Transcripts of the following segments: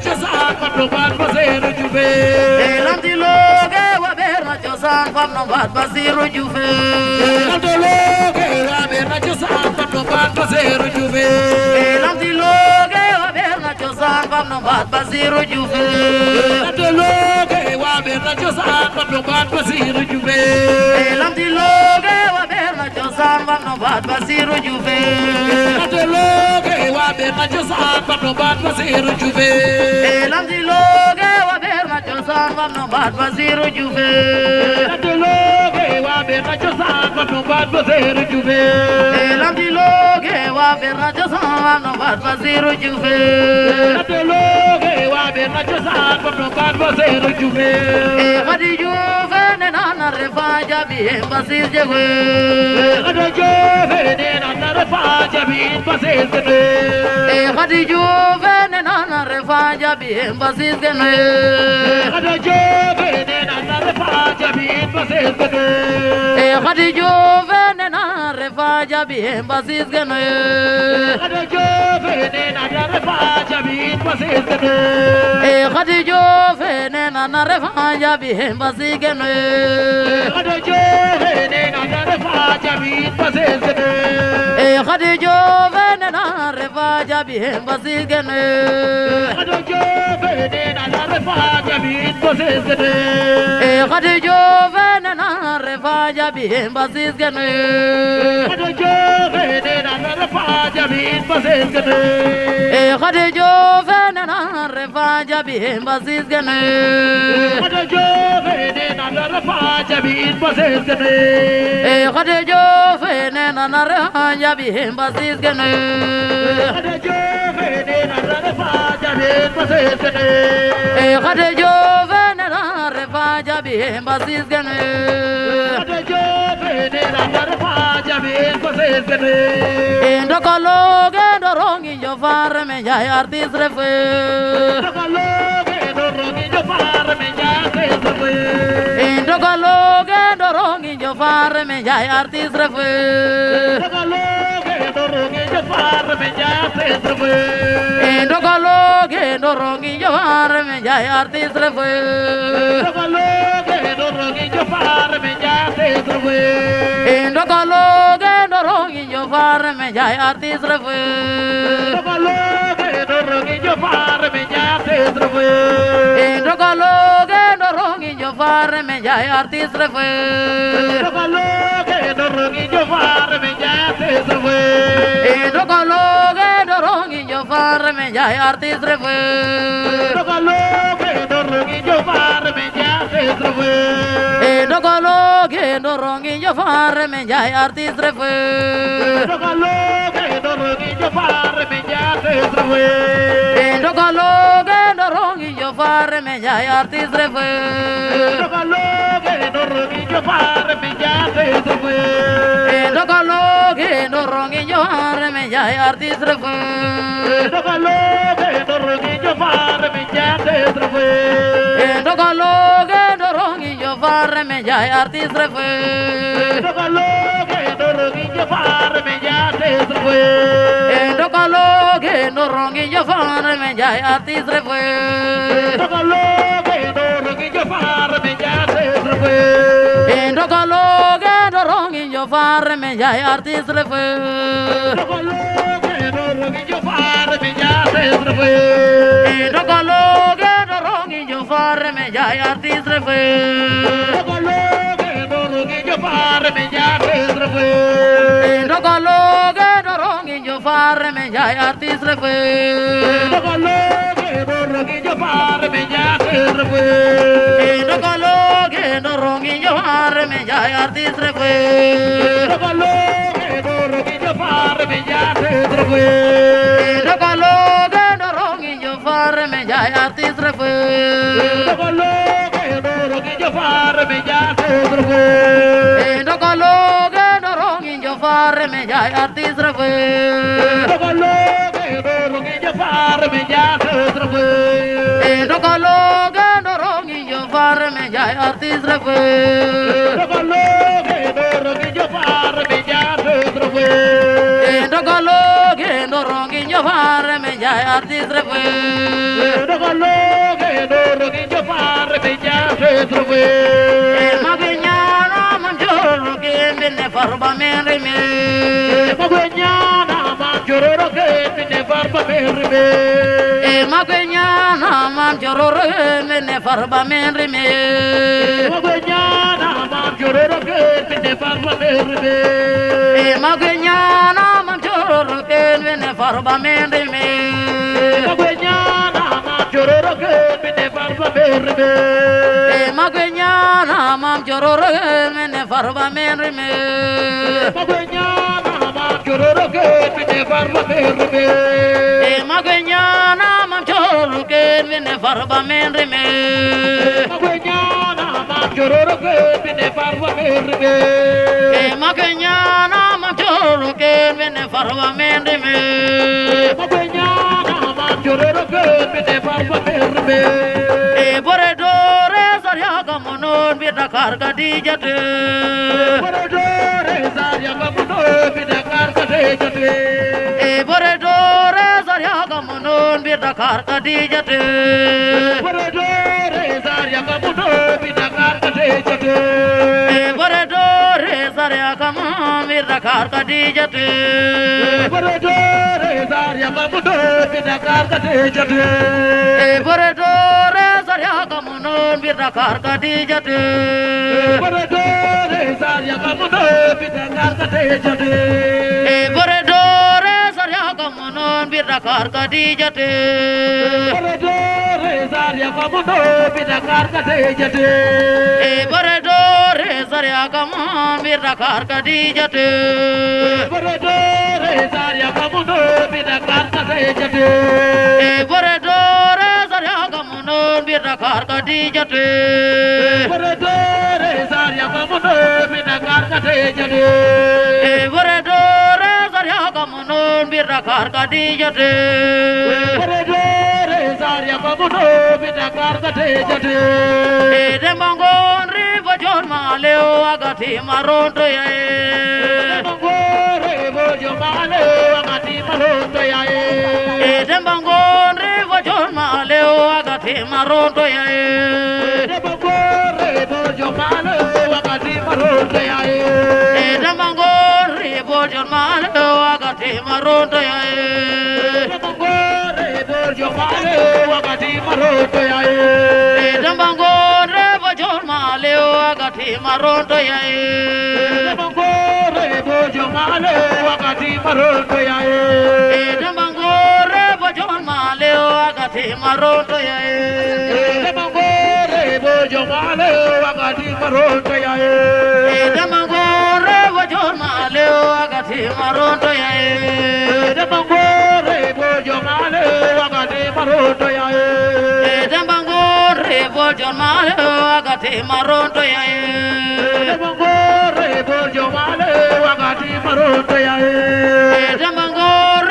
cosaan faddu baat Basiiru Juuf elandi looge wa beera cosaan faddu baat Basiiru Juuf elandi looge wa beera cosaan faddu baat Basiiru Juuf elandi looge wa beera cosaan faddu baat Basiiru Juuf elandi looge wa beera cosaan faddu baat Basiiru Juuf elandi looge cosaan ba no baat Basiru wa ber ma cosaan ba no baat ba no baat غادي جوفن انا الرفا جابين بصير جوي غادي جوفن انا الرفا جابين بصير جوي غادي جوفن انا الرفا جابين بصير جوي غادي جوفن Eh, Khady Diouf nee na refa jabi en basis geno Khady Diouf nee na refa jabi en basis geno eh, Khady Diouf nee na refa jabi en basis geno Khady Diouf nee na refa jabi en basis geno eh, Khady Diouf nee na refa jabi en basis geno Khady Diouf nee na refa jabi en basis geno قد جوفنا رفاجة بهم بسيس كنو قد جوفنا رفاجة بهم بسيس كنو قد جوفنا رفاجة بهم بسيس كنو قد جوفنا رفاجة بهم بسيس كنو قد جوفنا رفاجة بهم بسيس كنو قد جوفنا رفاجة بهم بسيس كنو قد جوفنا جابين بسيس جنو Indo kalog indo rongi jo far me jai e artis refu. Indo kalog indo rongi jo far me jai e artis refu. Indo kalog indo rongi jo far me jai artis refu. ndorogi jafar me jati srefu ndogalogi ndorogi jafar me jati srefu ndogalogi ndorogi jafar me jati srefu ndogalogi ndorogi jafar me jati srefu ndogalogi ndorogi jafar me jati srefu ndogalogi ndorogi jafar me jati srefu dorongi jofar me jaate se fue e dogo loge dorongi jofar me jaay artiste re fue dogo loge dorongi jofar me jaate se fue e dogo loge dorongi jofar me jaay artiste re fue dogo loge yo fare me jate trafe Dendo galoge no rongi yo fare me jate trafe Dendo galoge no rongi yo fare me jate trafe Dendo galoge no rongi yo fare me jate trafe Dendo galoge no rongi yo fare me jate trafe Dendo galoge no rongi yo fare me jate trafe Dendo galoge rongi jafar me jaate srefoy e dokaloge no rongi jafar me jaate srefoy e dokaloge no rongi jafar me jaate srefoy e dokaloge no rongi jafar me jaate srefoy e dokaloge no rongi jafar me jaate srefoy e dokaloge no rongi jafar me jaate srefoy e jofarme Ndiaye refe ndogaloge dorongi jofarme Ndiaye artiste refe ndogaloge dorongi jofarme Ndiaye refe ndogaloge dorongi jofarme Ndiaye artiste refe ndogaloge dorongi jofarme Ndiaye refe में जाए आरती सिर्फ लोग रोगी जो पार में जाए सिर्फ लोग रोगी जो पार में जाए आरती सिर्फ लोग रोगी जो पार में जाए सिर्फ लोग रोगी जो पार में जाए आरती सिर्फ लोग रोगी जो पार में जाए सिर्फ ne far ba meen rimee ma gwe ñaana maam jororo ke ne far ba meen rimee ma gwe ñaana maam jororo ke ne far ba meen rimee ma gwe ñaana maam jororo ke ne far ba meen rimee ma gwe ñaana maam jororo ke ne far ba meen rimee ma gwe ñaana maam jororo ke ne far ba meen rimee ma gwe ñaana maam jororo ne farba men reme magwenya mam chororo ke ne farba men reme e magwenya mam chororo ke ne farba men reme magwenya mam chororo ke ne farba men reme e magwenya mam chororo ke ne farba men reme magwenya cururu kebite farfa terbe e bore dore zarya gamonon bi dakar ga dijate bore dore zarya gamonon bi dakar ga dijate e bore dore zarya gamonon bi dakar ga dijate bore dore zarya gamonon bi dakar ga dijate e bore dore re sare kama mirda kar kadijatu bore do re sare kama do mirda kar kadijatu bore do re sare kama no mirda kar kadijatu bore do re sare kama no mirda kar kadijatu bore do re sare kama no mirda kar kadijatu bore do re sare kama no mirda kar kadijatu bore do ساريا كمان بيرا كار كديجة بردور ساريا كمان بيرا كار كديجة بردور ساريا كمان بيرا كار كديجة بردور ساريا كمان بيرا كار كديجة بردور ساريا كمان بيرا كار كديجة بردور Dakar yamba mondo bi Dakar gate jate de mangon rivo jon ma leo agati marondo ya e de mangon rivo jon ma leo agati marondo ya e de mangon rivo jon ma leo wakati marondo yae dama gore bojo male wakati marondo yae dama gore bojo male wakati marondo yae dama gore bojo male wakati marondo yae dama gore bojo male wakati marondo yae dama gore bojo male wakati marondo yae ti maroto ya e de mangore bojo male wakati maroto ya e de mangore bojo male wakati maroto ya e de mangore bojo male wakati maroto ya e de mangore bojo male wakati maroto ya e de mangore bojo male wakati maroto ya e de mangore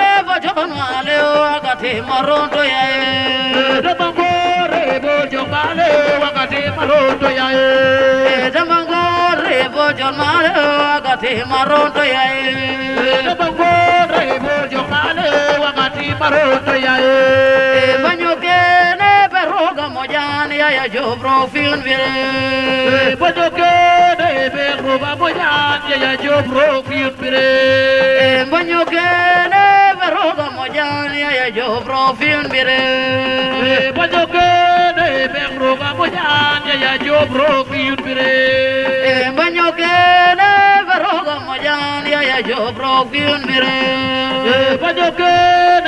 wakati marondo yae damangore bojo male wakati marondo yae damangore bojo male wakati marondo yae damangore bojo male wakati marondo yae banyokene e peroga mojani ya jobro film vire banyokene e peroga mojani ya jobro film vire banyokene e roga mojani ya jo profil bire e, bajoke de beng roga mojani ya jo profil bire e, bajoke de roga mojani ya jo profil bire e, bajoke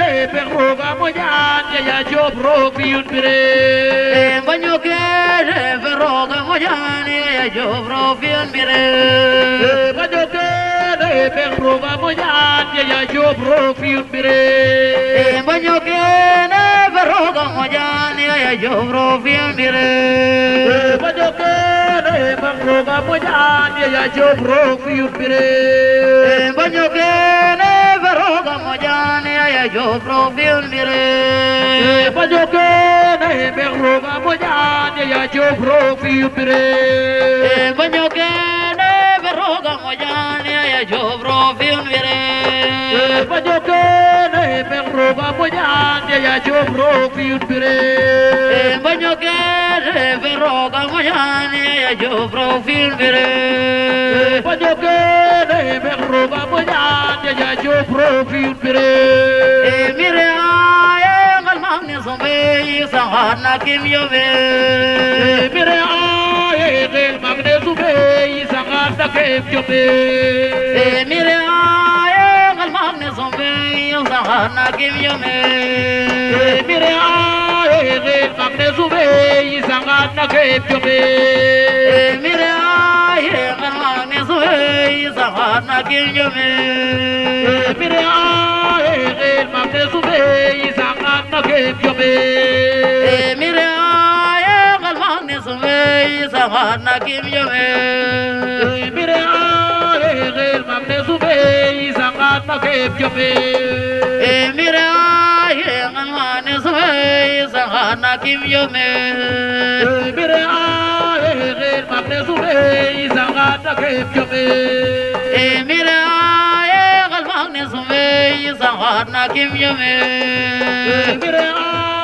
de beng roga mojani ya jo profil bire bajoke de roga mojani ya jo profil bire bajoke Pengro vamos ya, ya yo profilmire. E baño que ne perro como ya, ya yo profilmire. E baño que ne pengro vamos ya, ya yo profilmire. E baño que ne perro como ya, ya yo profilmire. E baño que ne pengro vamos ya, ya yo profilmire. E baño que होगा मुझाने जोबरो फिर मेरे बजो के नहीं पेंगरोगा मुझाने या जोबरो फिर मेरे बजो के नहीं पेंगरोगा मुझाने या जोबरो फिर मेरे बजो के नहीं पेंगरोगा मुझाने या जोबरो फिर मेरे मेरे आए गलमांग ने सुबह ये सहारना किम यो मेरे आए magnesu be isanga take jobe emire aye ngal magnesu be isanga na kim yome emire aye ngal magnesu be isanga na kim jobe emire aye na kim yome سوانا كيم يومي ميرا غير ممن سوبي سوانا كيم يومي ميرا غير سوبي سوانا كيم يومي ميرا غير ممن سوبي سوانا كيم يومي ميرا غير ممن سوبي سوانا كيم يومي ميرا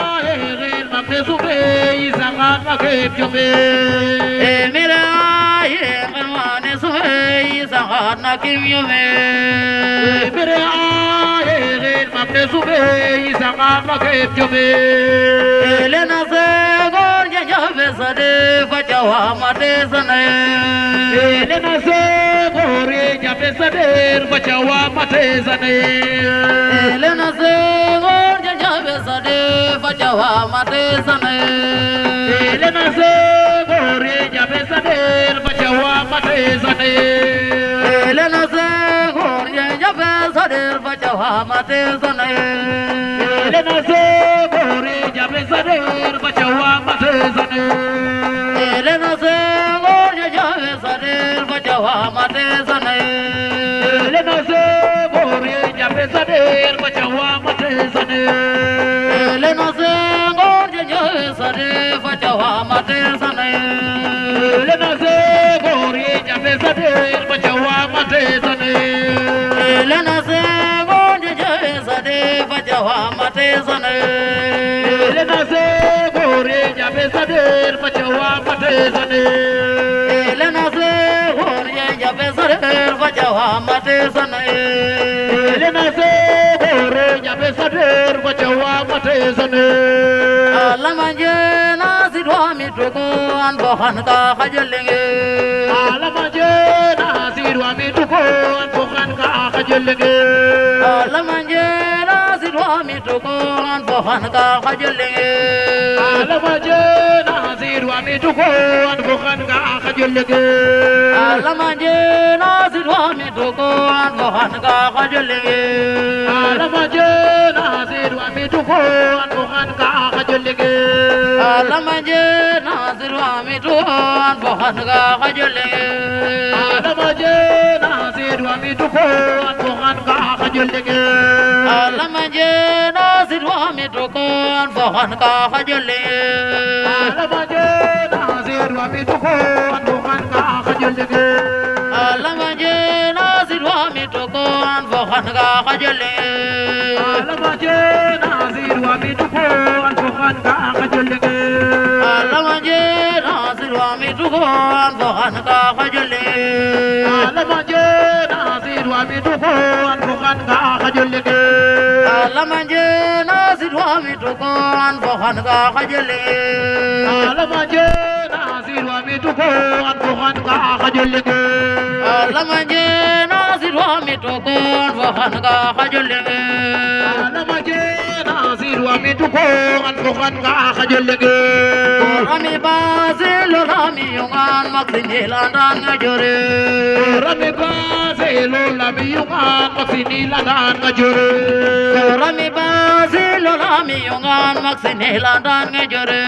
مقصوبي زمان مكيب جمي مراي غلوان سوي زمان مكيب يمي مراي غير مقصوبي زمان مكيب جمي لنا سيغور جنجاب صدي فجوا مدي سني لنا سيغور جنجاب صدي فجوا مدي سني لنا سيغور sade fajawa mate sane elena se gore jabe sade fajawa mate sane elena se gore jabe sade fajawa mate sane nase hore jaɓe sader ko cewwamata e sone alamaje nasiɗomi tugu an bohanka ha jellege a nasiɗomi tugu قوم تكون فخنك خجلين ألم جينا زير ومي تكون فخنك خجلين ألم جينا زير ومي تكون فخنك خجلين ألم جينا زير ومي تكون فخنك خجلين ألم جينا زير ومي تكون فخنك خجلين ألم جينا ناصر وامدكو فغن كا خجلك لما جاء ناصر وامدكو فغن كا خجلك لما جاء ناصر وامدكو فغن كا خجلك لما جاء ناصر وامدكو فغن كا خجلك لما جاء ناصر وامدكو فغن كا خجلك لما جاء وامدوه أنفو خانقا خجلي لما جينا سيد وامدوه أنفو خانقا خجلي لما جينا سيد وامدوه أنفو خانقا خجلي لما جينا سيد وامدوه أنفو خانقا خجلي لما جينا سيد وامدوه أنفو خانقا خجلي لما جينا بازل ومدكو أن فقد أخجل لك رمي بازل رمي يمان مقصني لدان جري رمي بازل رمي يمان مقصني لدان جري رمي بازل رمي يمان مقصني لدان جري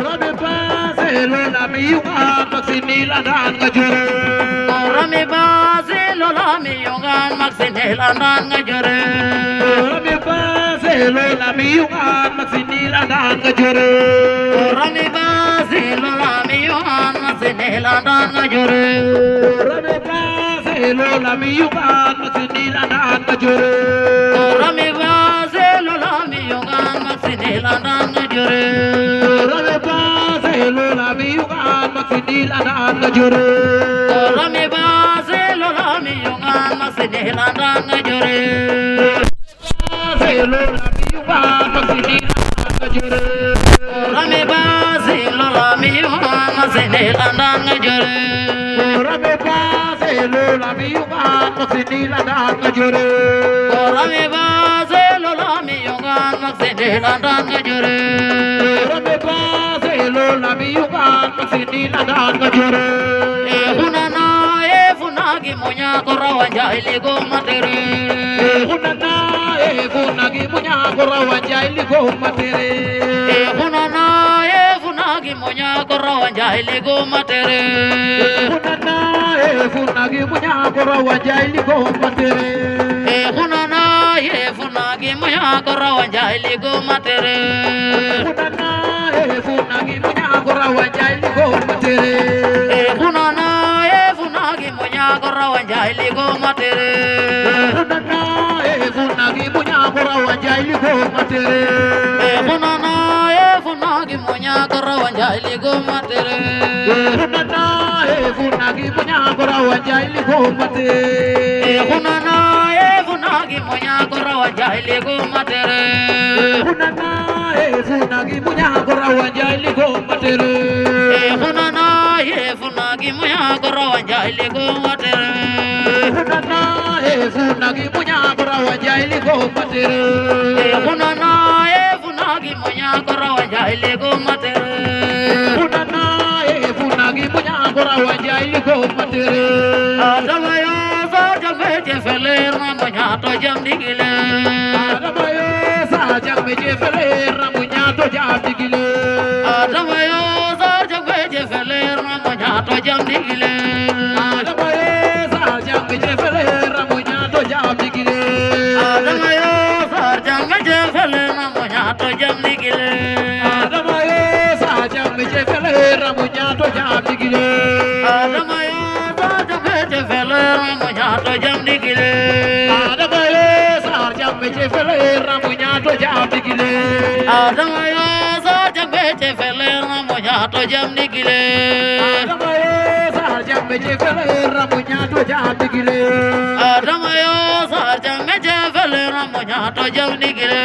رمي بازل رمي يمان مقصني لدان جري رمي بازل رمي يمان مقصني لدان جري رمي بازل لولا ميوان مسني لدان جور رمي باس لولا ميوان مسني لدان جور رمي باس لولا ميوان مسني لدان جور رمي باس لولا ميوان مسني لدان جور رمي باس لولا ميوان مسني لدان جور رمي باس لولا ميوان مسني لدان جور rame baase lo lami yuba masene landanga jore rame baase lo lami yuba masene landanga jore rame baase lo lami yuba masene landanga jore rame baase lo lami yuba masene landanga jore hunana kunagi munya korawan jahili go matere kunana e kunagi munya korawan jahili go matere kunana e kunagi munya korawan jahili go matere kunana e kunagi munya korawan jahili go matere kunana e kunagi munya korawan jahili go matere kunana e kunagi munya korawan jahili go matere kunana bunya gorra wanja ili go matere kunana e kunagi bunya gorra wanja ili go matere e kunana e kunagi bunya gorra wanja ili go matere kunana e kunagi bunya gorra wanja ili go matere e kunana e kunagi bunya gorra wanja ili go matere kunana e kunagi bunya gorra wanja ili go matere e kunana he funagi muya gora wanja ile go watere funana he funagi muya gora wanja ile go watere funana he funagi muya gora wanja ile go watere funana he funagi muya gora wanja ile go watere adala yo sa jamete feler na muya to jamdigile adala yo sa jamete feler na muya to jamdigile ñaato jamdi ile adama yo sar jang je fele ramu ñaato jamdi ile adama yo sar jang je fele ramu ñaato jamdi ile adama yo sar jang je fele ramu ñaato jamdi ile adama yo sar jang je fele ramu ñaato jamdi ile adama yo sar jang je fele ramu ñaato jamdi ile adama yo sar jang je fele ramu ñaato jamdi ile jefele rambu ñaato jaandigile adama yo sar jang jefele rambu ñaato jaandigile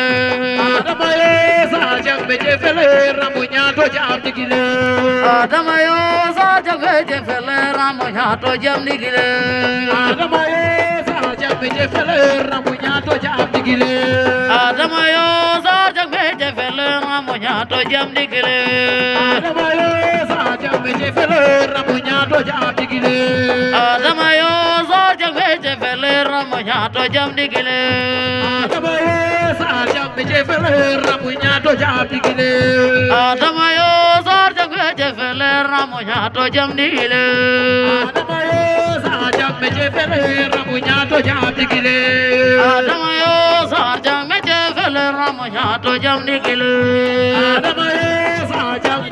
adama yo sar adama yo sar jang jefele rambu ñaato jaandigile adama yo sar adama yo sar jang jefele rambu ñaato jaandigile adama yo adama yo sar jam be je fele ramu ñaato jam digile adama yo sar jam be je fele ramu ñaato jam digile adama yo sar jam be je fele ramu ñaato jam digile adama yo sar jam be je fele ramu ñaato jam digile adama yo sar jam be je fele ramu ñaato jam digile adama yo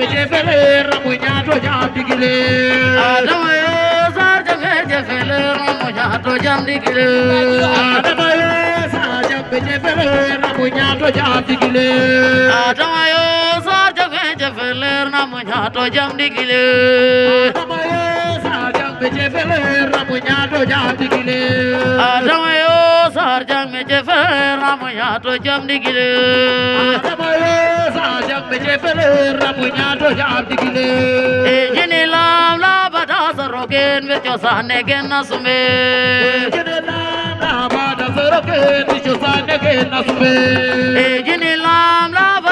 je fele ramu ñaato jaam digile adama yo sar jafe je fele ramu ñaato jaam digile adama yo sar jafe je fele ramu ñaato jaam digile adama yo sar jafe je fele ramu ñaato jaam digile adama yo meje fele ramu ñaato jaam digile adama yo sar jang meje fele ramu ñaato jaam digile adama yo sar jang meje fele ramu ñaato jaam digile e jini lam la bada sarogen me cho sane gen nasume jini lam la bada sarogen me cho sane gen nasume e jini lam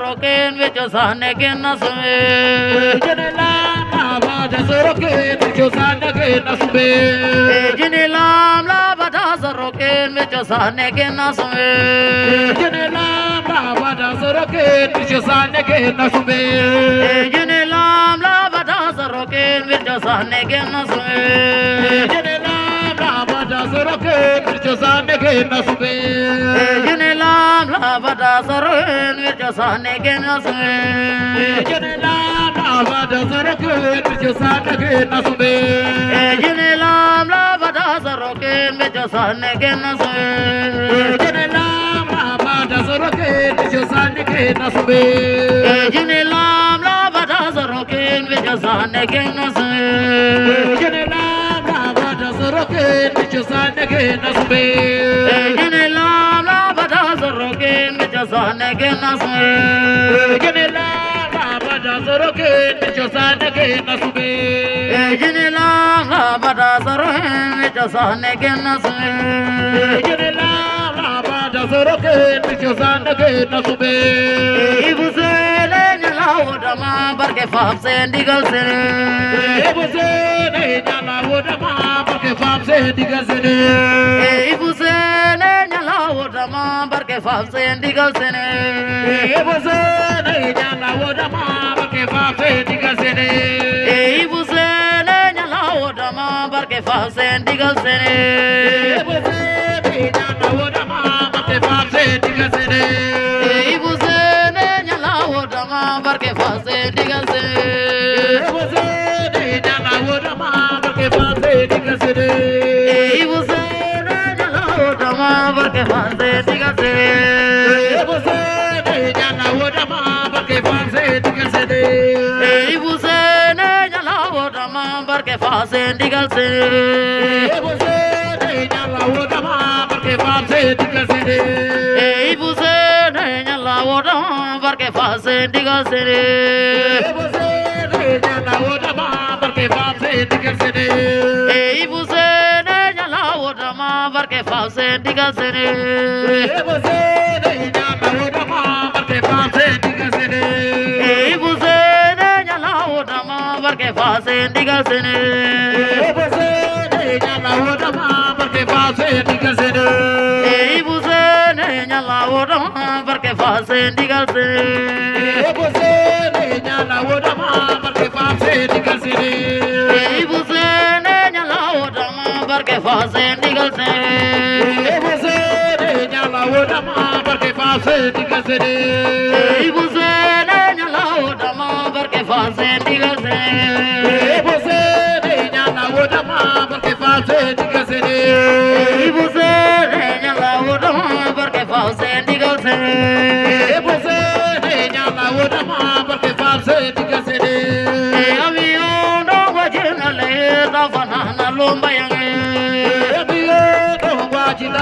ਰੋਕੇ ਵਿੱਚ ਸਾਨੇ ਕੇ ਨਸਵੇ ਜਿਨੇ ਲਾ ਕਾਵਾ ਜਸ ਰੋਕੇ ਵਿੱਚ ਸਾਨੇ ਕੇ ਨਸਵੇ ਜਿਨੇ ਲਾਮ ਲਾ ਬਦਾ ਸ ਰੋਕੇ ਵਿੱਚ ਸਾਨੇ ਕੇ ਨਸਵੇ ਜਿਨੇ ਲਾਮ ਲਾ ਬਦਾ ਸ ਰੋਕੇ ਵਿੱਚ ਸਾਨੇ ਕੇ ਨਸਵੇ ਜਿਨੇ ਲਾਮ ਲਾ ਬਦਾ ਸ ਰੋਕੇ ਵਿੱਚ ਸਾਨੇ ਕੇ ਨਸਵੇ ਜਿਨੇ ਲਾਮ ਲਾ ਬਦਾ ਸ ਰੋਕੇ ਵਿੱਚ ਸਾਨੇ ਕੇ ਨਸਵੇ سرين بجسانك نصبي جني لا لا بدا سرك بجسانك نصبي جني لا لا بدا سرك بجسانك نصبي جني لا لا بدا سرك بجسانك نصبي جني لا لا بدا سرك بجسانك نصبي جني لا لا بدا سرك بجسانك نصبي جني لا سرگین جزانگین اسمی جنی لا بابا جا سرگین جزانگین اسمی جنی لا بابا جا سرگین جزانگین اسمی جنی لا بابا جا سرگین جزانگین اسمی ایبوزین لاودما برگ فاب سندگل سر ایبوزین لاودما برگ فاب سندگل سر ایبوزین wotama barke faaf seen digal sene ibu sene ñala wotama barke faaf seen digal sene ibu sene ñala wotama barke faaf seen digal sene ibu sene ñala wotama barke faaf seen digal sene ibu sene ñala wotama barke faaf seen digal sene ibu sene ñala wotama barke faaf seen digal sene ma barke fanse digal se de. Ibu se ne nyala woda ma barke fanse digal se de. Ibu se ne nyala woda ma barke fanse digal se de. Ibu se ne nyala woda ma barke fanse digal se de. Ibu se ne nyala woda ma barke fanse digal se de. Ibu se ne nyala woda ma barke fanse digal se de. Ibu se barke faaw seen digal sene Ibou Sene ñalaw dama barke faaw seen digal sene Ibou Sene ñalaw dama barke faaw seen digal sene Ibou Sene ñalaw dama barke faaw seen digal sene Ibou Sene ñalaw dama barke faaw seen digal sene Ibou Sene ñalaw dama barke faaw seen digal sene barke faase ndigal sere ibu sere ñalawo dama barke faase ndigal sere ibu sere ñalawo dama barke faase ndigal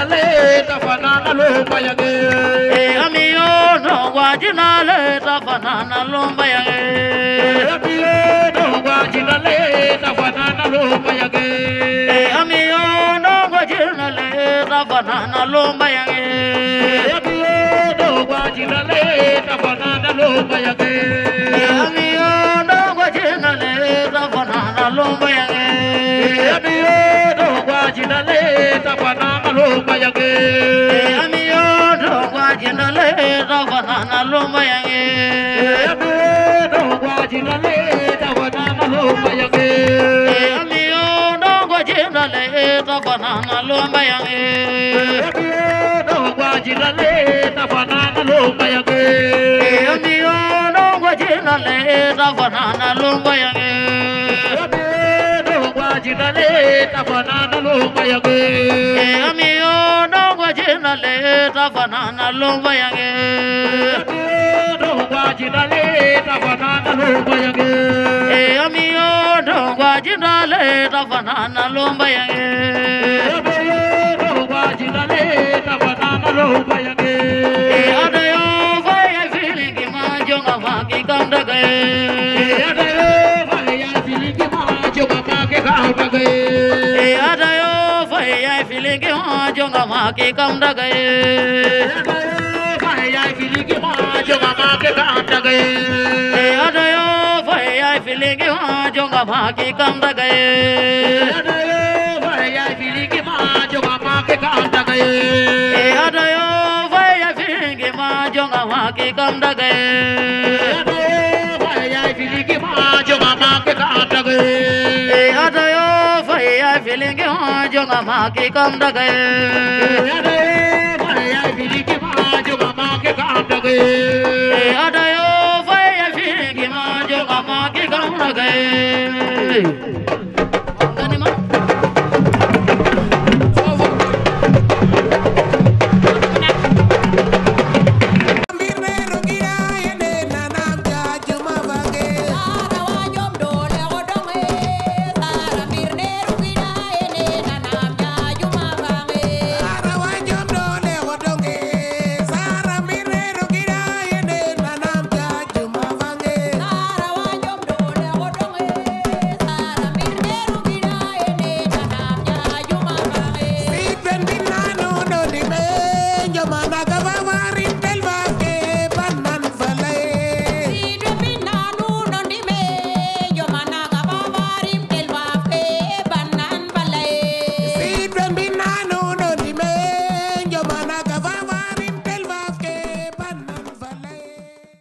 le tafanana lumba yange e amiyo no gwajina le tafanana lumba yange e amiyo no gwajina le tafanana lumba yange e amiyo no gwajina le tafanana lumba yange e amiyo no gwajina le tafanana lumba yange e amiyo no gwajina le tafanana lumba yange e amiyo no gwajina le tafanana lumayange amiyo dogwa jinale dogwana na lumayange dogwa jinale dogwana na lumayange amiyo dogwa jinale dogwana na lumayange dogwa jinale dogwana na lumayange amiyo dogwa jinale dogwana na lumayange ginaleta fanana lomba yange e amiyo dongwa ginaleta fanana lomba yange dongwa ginaleta fanana lomba yange e amiyo dongwa ginaleta fanana lomba yange dongwa ginaleta fanana lomba yange e adayo vaya feeling ma jonga vangi kandage fili ki ma jonga ma ke kam daga ye fay yaay fili ki ma jonga ma ke kam daga ye e ada yo fay yaay fili ki ma jonga ma ke kam daga ye ada yo fay yaay fili ki ma jonga ma ke kam daga ye e ada yo fay yaay fili ki ma jonga ma ke kam daga ye ada yo fay yaay fili ki ma jonga ma ke kam daga ye e ada yo feelingi maa ki kam daga ye adaye fay ya feelingi maa jonga maa ki kam daga ye adaye fay ya feelingi maa jonga maa ki kam daga ye